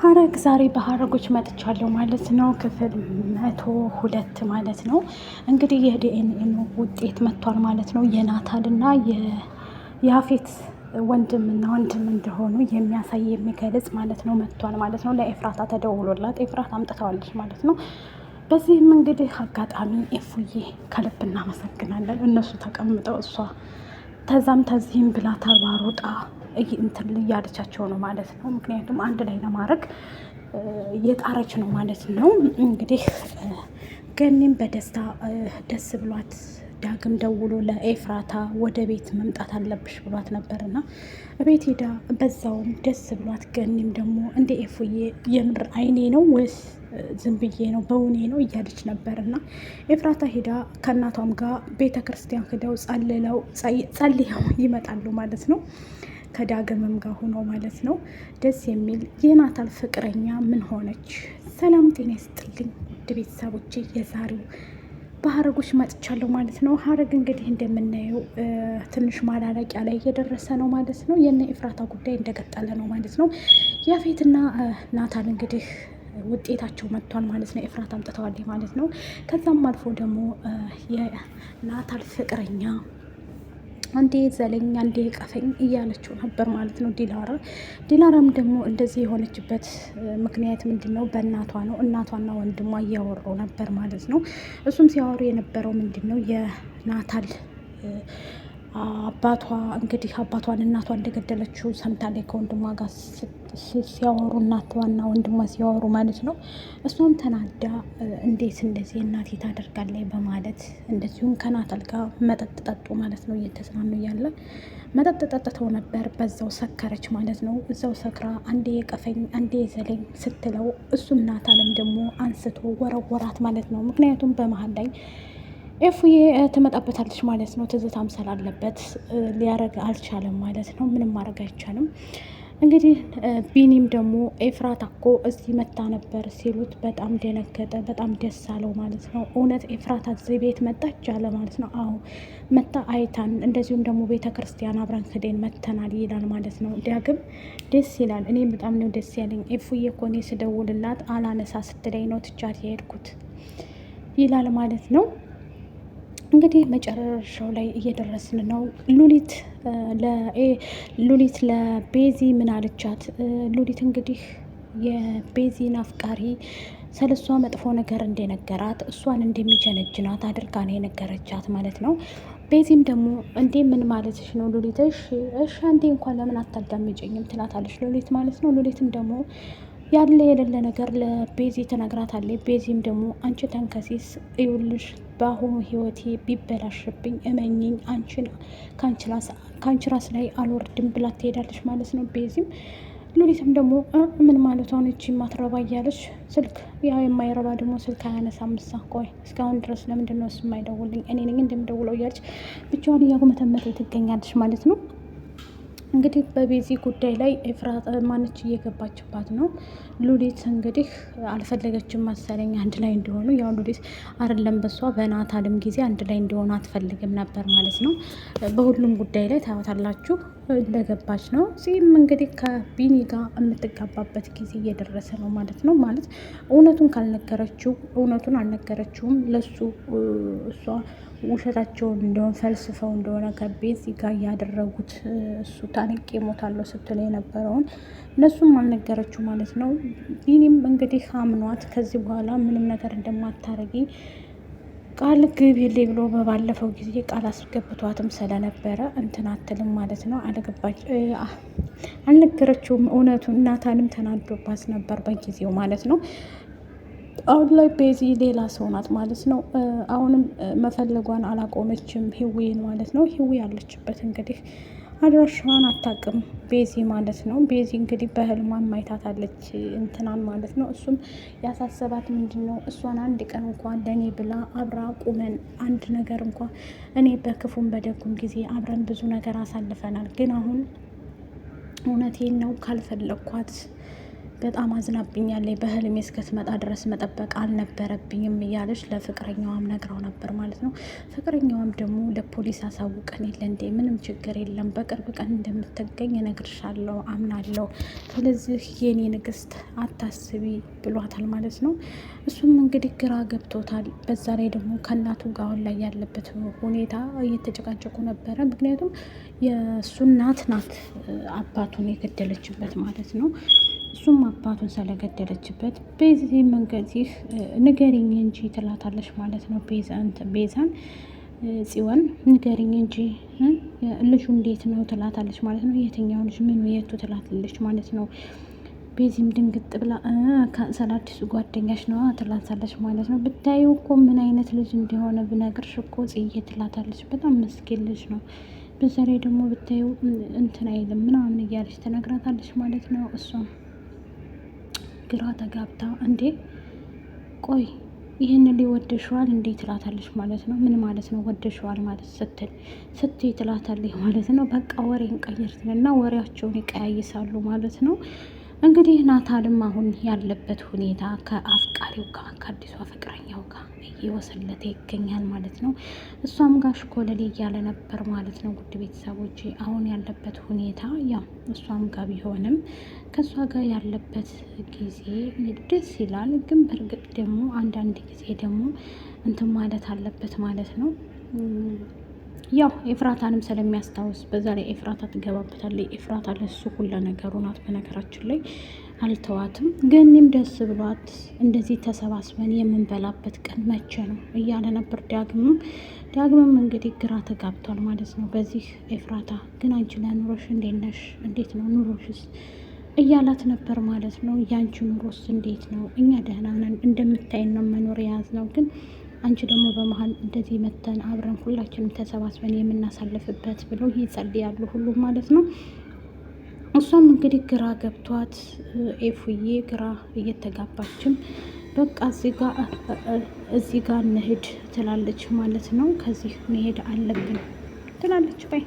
ሀረግ ዛሬ በሀረጎች መጥቻለሁ ማለት ነው። ክፍል መቶ ሁለት ማለት ነው። እንግዲህ የዲኤንኤ ውጤት መጥቷል ማለት ነው። የናታልና የአፌት ወንድምና ወንድም እንደሆኑ የሚያሳይ የሚገልጽ ማለት ነው። መጥቷል ማለት ነው። ለኤፍራታ ተደውሎላት ኤፍራታ አምጥተዋለች ማለት ነው። በዚህም እንግዲህ አጋጣሚ ኤፉዬ ከልብ እናመሰግናለን። እነሱ ተቀምጠው እሷ ተዛም ተዚህም ብላ ተሯሩጣ እንትን እያለቻቸው ነው ማለት ነው። ምክንያቱም አንድ ላይ ለማድረግ እየጣረች ነው ማለት ነው። እንግዲህ ገኒም በደስታ ደስ ብሏት ዳግም ደውሎ ለኤፍራታ ወደ ቤት መምጣት አለብሽ ብሏት ነበርና ቤት ሄዳ በዛውም ደስ ብሏት ገኒም ደግሞ እንደ ኤፉዬ የምር አይኔ ነው ወይስ ዝም ብዬ ነው በውኔ ነው እያለች ነበርና ኤፍራታ ሄዳ ከእናቷም ጋር ቤተ ክርስቲያን ጸልለው ጸልየው ይመጣሉ ማለት ነው። ከዳግምም ጋር ሆኖ ማለት ነው። ደስ የሚል የናታል ፍቅረኛ ምን ሆነች? ሰላም ጤና ይስጥልኝ ውድ ቤተሰቦቼ፣ የዛሬው በሀረጎች መጥቻለሁ ማለት ነው። ሀረግ እንግዲህ እንደምናየው ትንሽ ማላለቂያ ላይ እየደረሰ ነው ማለት ነው። የነ ኤፍራታ ጉዳይ እንደቀጠለ ነው ማለት ነው። ያፌትና ናታል እንግዲህ ውጤታቸው መጥቷል ማለት ነው። ኤፍራት አምጥተዋል ማለት ነው። ከዛም አልፎ ደግሞ የናታል ፍቅረኛ አንዴ ዘለኝ አንዴ ቀፈኝ እያለችው ነበር ማለት ነው ዲላራ። ዲላራም ደግሞ እንደዚህ የሆነችበት ምክንያት ምንድን ነው? በእናቷ ነው። እናቷና ወንድሟ እያወሩ ነበር ማለት ነው። እሱም ሲያወሩ የነበረው ምንድን ነው የናታል አባቷ እንግዲህ አባቷን እናቷ እንደገደለችው ሰምታለች ከወንድሟ ጋር ሲያወሩ እናቷና ወንድሟ ሲያወሩ ማለት ነው። እሷም ተናዳ እንዴት እንደዚህ እናቴ ታደርጋለች በማለት እንደዚሁም ከናታል ጋር መጠጥ ጠጡ ማለት ነው። እየተዝናኑ እያለ መጠጥ ጠጥተው ነበር። በዛው ሰከረች ማለት ነው። እዛው ሰክራ አንዴ የቀፈኝ አንዴ የዘለኝ ስትለው እሱም ናታልም ደግሞ አንስቶ ወረወራት ማለት ነው። ምክንያቱም በመሀል ላይ ኤፉዬ ትመጣበታለች ማለት ነው። ትዝታም አለበት ሊያረግ አልቻለም ማለት ነው። ምንም ማድረግ አይቻልም። እንግዲህ ቢኒም ደግሞ ኤፍራታ እኮ እዚህ መታ ነበር ሲሉት በጣም ደነገጠ። በጣም ደስ አለው ማለት ነው። እውነት ኤፍራታ እዚህ ቤት መጣች አለ ማለት ነው። አዎ መታ አይታን፣ እንደዚሁም ደግሞ ቤተ ክርስቲያን አብረን ክዴን መተናል ይላል ማለት ነው። ዳግም ደስ ይላል። እኔም በጣም ነው ደስ ያለኝ። ኤፉዬ እኮ እኔ ስደውልላት አላነሳ ስትለኝ ነው ትቻት የሄድኩት ይላል ማለት ነው። እንግዲህ መጨረሻው ላይ እየደረስን ነው። ሉሊት ሉሊት ለቤዚ ምን አለቻት? ሉሊት እንግዲህ የቤዚን አፍቃሪ ስለሷ መጥፎ ነገር እንደነገራት እሷን እንደሚጀነጅናት አድርጋ ነው የነገረቻት ማለት ነው። ቤዚም ደግሞ እንዴ ምን ማለትሽ ነው ሉሊት? እሺ እሺ፣ አንዴ እንኳን ለምን አታዳምጪኝም? ትላታለች ሉሊት ማለት ነው። ሉሊትም ደግሞ ያለ የሌለ ነገር ለቤዚ ትነግራታለች። ቤዚም ደግሞ አንቺ ተንከሲስ እዩልሽ በአሁኑ ህይወቴ ቢበላሽብኝ እመኝኝ አንቺን ከአንቺ ራስ ላይ አልወርድም ብላ ትሄዳለች ማለት ነው። ቤዚም ሉሊትም ደግሞ ምን ማለቷ ነው? እቺ ማትረባ እያለች ስልክ ያ የማይረባ ደግሞ ስልክ አያነሳ ምሳ ቆይ እስካሁን ድረስ ለምንድን ነው እሱ የማይደውልኝ እኔ ነኝ እንደምደውለው እያለች ብቻዋን እያጉመተመተ ትገኛለች ማለት ነው። እንግዲህ በቤዚ ጉዳይ ላይ ኤፍራታ ማነች እየገባችባት ነው። ሉሊት እንግዲህ አልፈለገችም መሰለኝ አንድ ላይ እንዲሆኑ። ያው ሉሊት አይደለም በሷ በናታልም ጊዜ አንድ ላይ እንዲሆኑ አትፈልግም ነበር ማለት ነው። በሁሉም ጉዳይ ላይ ታያታላችሁ። እንደገባች ነው። እዚህም እንግዲህ ከቢኒ ጋር የምትጋባበት ጊዜ እየደረሰ ነው ማለት ነው። ማለት እውነቱን ካልነገረችው እውነቱን አልነገረችውም ለሱ እሷ ውሸታቸውን እንደሆነ ፈልስፈው እንደሆነ ከቤዚ ጋር ያደረጉት እሱ ታንቄ እሞታለሁ ስትል የነበረውን እነሱም አልነገረችው ማለት ነው። ቢኒም እንግዲህ አምኗት ከዚህ በኋላ ምንም ነገር እንደማታረጊ ቃል ግቢልኝ ብሎ በባለፈው ጊዜ ቃል አስገብቷትም ስለነበረ እንትን አትልም ማለት ነው። አልገባች አልነገረችውም እውነቱን። እናታንም ተናዶባት ነበር በጊዜው ማለት ነው። አሁን ላይ ቤዚ ሌላ ሰው ናት ማለት ነው። አሁንም መፈለጓን አላቆመችም ህዌን ማለት ነው። ህዌ ያለችበት እንግዲህ አድራሻዋን አታውቅም ቤዚ ማለት ነው። ቤዚ እንግዲህ በህልሟን ማይታታለች እንትናን ማለት ነው። እሱም ያሳሰባት ምንድን ነው እሷን አንድ ቀን እንኳን ለእኔ ብላ አብራ ቁመን አንድ ነገር እንኳ እኔ በክፉም በደጉም ጊዜ አብረን ብዙ ነገር አሳልፈናል። ግን አሁን እውነቴን ነው ካልፈለግኳት በጣም አዝናብኛለች፣ በህልሜ እስክትመጣ ድረስ መጠበቅ አልነበረብኝም እያለች ለፍቅረኛዋም ነግረው ነበር ማለት ነው። ፍቅረኛዋም ደግሞ ለፖሊስ አሳውቀን የለ እንዴ ምንም ችግር የለም፣ በቅርብ ቀን እንደምትገኝ እነግርሻለሁ፣ አምናለሁ። ስለዚህ የኔ ንግስት አታስቢ ብሏታል ማለት ነው። እሱም እንግዲህ ግራ ገብቶታል። በዛ ላይ ደግሞ ከእናቱ ጋር አሁን ላይ ያለበት ሁኔታ እየተጨቃጨቁ ነበረ። ምክንያቱም የእሱ እናት ናት አባቱን የገደለችበት ማለት ነው። እሱም አባቱን ስለገደለችበት በዚህ መንገድ ይህ ንገሪኝ እንጂ ትላታለች ማለት ነው። ቤዛን ጽዮን ንገሪኝ እንጂ ልጁ እንዴት ነው ትላታለች ማለት ነው። የትኛው ልጅ ምን የቱ ትላታለች ማለት ነው። ቤዚም ድንግጥ ብላ ስለ አዲሱ ጓደኛሽ ነዋ ትላታለች ማለት ነው። ብታዩ እኮ ምን አይነት ልጅ እንደሆነ ብነግርሽ እኮ ጽዬ ትላታለች። በጣም መስኪን ልጅ ነው። በዛ ደግሞ ብታዩ እንትን አይልም ምናምን እያለች ትነግራታለች ማለት ነው እሷም ግራ ተጋብታ እንዴ ቆይ ይህንን ላይ ወደሸዋል እንዴ ትላታለች ማለት ነው። ምን ማለት ነው ወደሸዋል ማለት ስትል ስትይ ትላታለች ማለት ነው። በቃ ወሬን ቀይርትንና ወሬያቸውን ይቀያይሳሉ ማለት ነው። እንግዲህ ናታልም አሁን ያለበት ሁኔታ ከአፍቃሪው ጋር ከአዲሷ ፍቅረኛው ጋር እየወሰለተ ይገኛል ማለት ነው። እሷም ጋር ሽኮለሌ እያለ ነበር ማለት ነው። ውድ ቤተሰቦች አሁን ያለበት ሁኔታ ያው እሷም ጋር ቢሆንም ከእሷ ጋር ያለበት ጊዜ ደስ ይላል። ግን በእርግጥ ደግሞ አንዳንድ ጊዜ ደግሞ እንትን ማለት አለበት ማለት ነው። ያው ኤፍራታንም ስለሚያስታውስ በዛ ላይ ኤፍራታ ትገባበታለች። ኤፍራታ ለሱ ሁላ ነገሩ ናት። በነገራችን ላይ አልተዋትም። ገኒም ደስ ብሏት እንደዚህ ተሰባስበን የምንበላበት ቀን መቼ ነው እያለ ነበር። ዳግምም ዳግምም እንግዲህ ግራ ተጋብቷል ማለት ነው። በዚህ ኤፍራታ ግን አንቺ ለኑሮሽ እንዴት ነሽ? እንዴት ነው ኑሮሽስ? እያላት ነበር ማለት ነው። ያንቺ ኑሮስ እንዴት ነው? እኛ ደህና ነን፣ እንደምታይን ነው መኖር የያዝነው ግን አንቺ ደግሞ በመሀል እንደዚህ መተን አብረን ሁላችንም ተሰባስበን የምናሳልፍበት ብለው ይጸልያሉ ሁሉም ማለት ነው። እሷም እንግዲህ ግራ ገብቷት ኤፉዬ ግራ እየተጋባችም በቃ እዚህ ጋር እንሂድ ትላለች ማለት ነው። ከዚህ መሄድ አለብን ትላለች ባይ